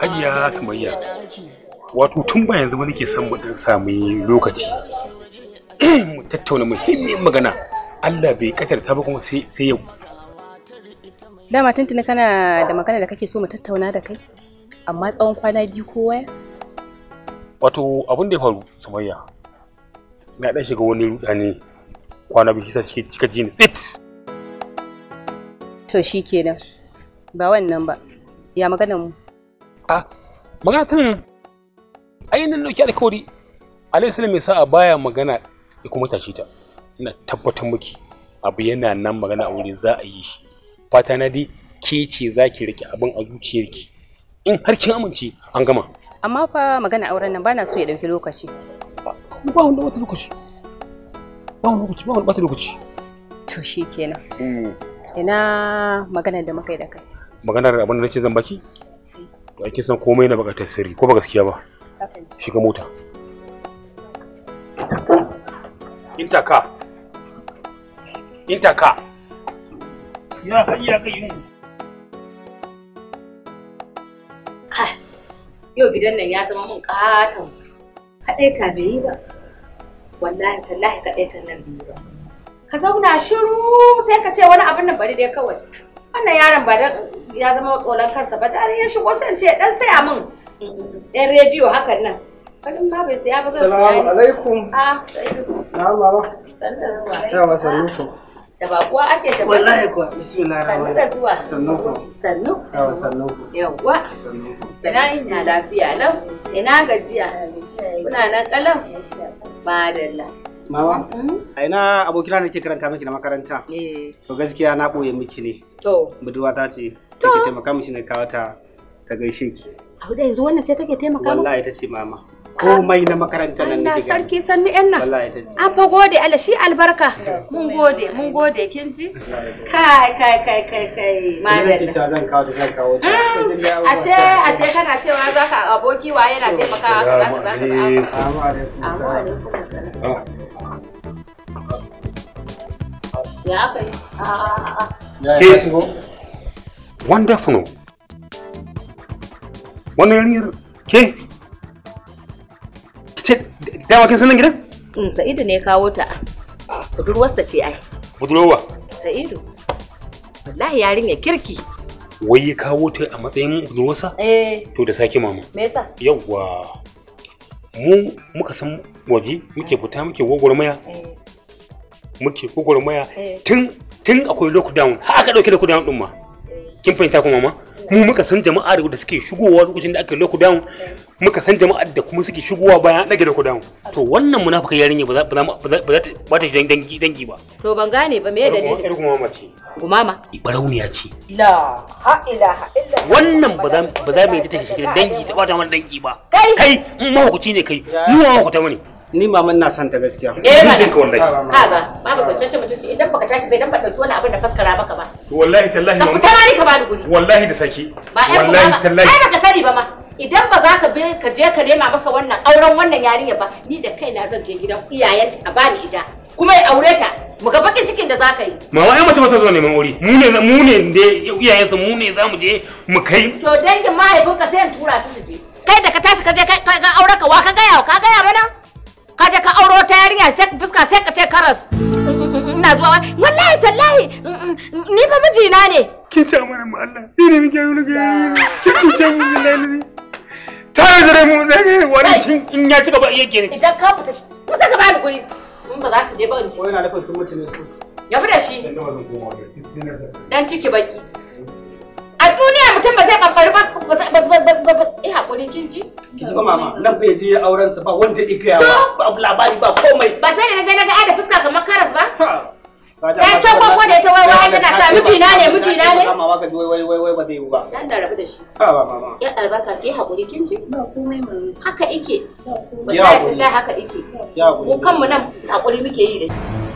hajiya sumayya wato tun ba yanzu ke son mu dan samu lokaci mu tattauna muhimmin magana Allah bai katarta ba kuma sai yau dama tuntuna kana da magana da kake so mu tattauna da kai amma tsawon kwana biyu ko waya wato abin da ya faru sumayya na dan shiga wani rudani kwana biyu sai kike kika ji ni tsit to shikenan ba wannan ba ya maganar mu a magatan ainihin dauki alkawari alayhi salam ya sa a baya magana ya kuma tashi ta ina tabbatar miki abu yana nan magana a wurin za a yi shi fata na dai ke ce za ki rike abin a zuciyarki in har kin amince an gama amma fa magana auren nan bana so ya dauki lokaci ba wanda wata lokaci ba wani lokaci ba wani bata lokaci to shi kenan mm. ina maganar da muka yi da kai maganar abin da nace zan baki to ake san komai na baka tasiri ko ba gaskiya ba shiga mota intaka intaka ya hayya kai yin yau gidan nan ya zama mun katon kaɗaita bai yi ba wallahi tallahi kaɗaitan nan bai yi ba ka zauna shiru sai ka ce wani abin nan bari dai kawai wannan yaron ba da ya zama tsoron kansa ba da ya shigo sai ce dan saya min ɗan rediyo hakan nan Fadin ba bai saya ba zan Assalamu alaikum. Ah, na'am baba. Sannan zuwa. sannu ku. Da ake ta Wallahi kuwa bismillahir rahmanir rahim. Sannu ku. Sannu. Yawa sannu ku. Yawa. Sannu. Ina ina lafiya Ina gajiya. Kuna nan kalam. Madalla. Mama? Mm. A ina abokina nake karanta miki na makaranta. Eh. To gaskiya na ɓoye miki ne. To. Budurwa ta ce take taimaka mishi ne kawo ta ta gaishe ki. Abu da yanzu wannan ce take taimaka maka? Wallahi ta ce mama. Komai na makaranta nan ne. Allah sarki sannu yan nan. Wallahi ta ce. An ah, fa gode Allah shi albarka. Mun gode mun gode kin ji? Kai kai kai kai kai. Madalla. Ina cewa zan kawo ta zan kawo ta. Mm. Ashe ashe kana cewa zaka aboki waye na taimakawa ka za ka zaka zaka. Assalamu alaikum. Assalamu alaikum. Ah. Ya kai. Ya ya shigo. Wonderful. Wannan yarinyar ke? ce, dama kin sanin gidan? Mm, Sa'idu ne kawo ta. Budurwarsa ce ai. Budurwa? Sa'idu. Wallahi yarinya kirki. Wai ya kawo ta a matsayin budurwarsa? Eh. To da sake mama. Me yasa? Yawwa. Mu muka san waje muke fita muke gwagwarmaya. Eh. muke gwagwarmaya eh. tun tun akwai lockdown har aka dauke lockdown din ma eh. kin fahimta kuma ma eh. mu muka san jama'a da suke shigowa lokacin da aka lockdown muka san jama'a da kuma suke shigowa bayan dage lockdown to wannan munafikan yarinya ba za ba ta dangi dangi ba to ban gane ba me ya dalili ko gumama ce gumama barauniya ce la ha ha illa wannan ba za ba za mu yi ta shiga dangi ta bata mana dangi ba kai kai hukuci ne kai mu hukuta mu ne ni maman na son ta gaskiya eh ba ka kaga babu kwanciyar mutunci idan baka tashi bai dan ba dauki wani abin da faskara maka ba wallahi tallahi ka fita ni ka bani guri wallahi da saki wallahi tallahi ai baka sani ba ma idan ba za ka ka je ka nema masa wannan auren wannan yarinya ba ni da kaina zan je gidan iyayen a bani ida kuma ya aure ta mu ga bakin cikin da za ka yi ma wai mace mata zo neman aure mu ne mu ne da iyayen su mu ne za mu je mu kai to dangin mahaifinka sai in tura su su je kai da ka tashi ka je ka aure ka wa ka ga gaya ka ga gaya mana kana fuska sai ka ce karas ina zuwa wallahi tallahi mm, mm, ni fa mijina ne kin mana ni ne ga mu ta mu wani kin in ya ci gaba ne idan ka fita guri ba za ka je ba in ci wai na sun ne su ya bi da shi dan ciki baki a duniya mutum ba zai kamfari ba hakuri kin ji? Ki ji mama, nan bai je auren sa ba wanda ya kai ba, ba labari ba komai. Ba sai da naje na ga ada fuska kamar karas ba? Ya ce ko ko da ita wai wai tana ta miji na ne miji na ne. Mama ka ji wai wai wai wai ba zai yi ba. Dan da rabu da shi. Ba ba mama. Ya albarka ki hakuri kin ji? Ba komai mun. Haka ike. Wallahi ya ike. Mu kanmu nan hakuri muke yi da shi.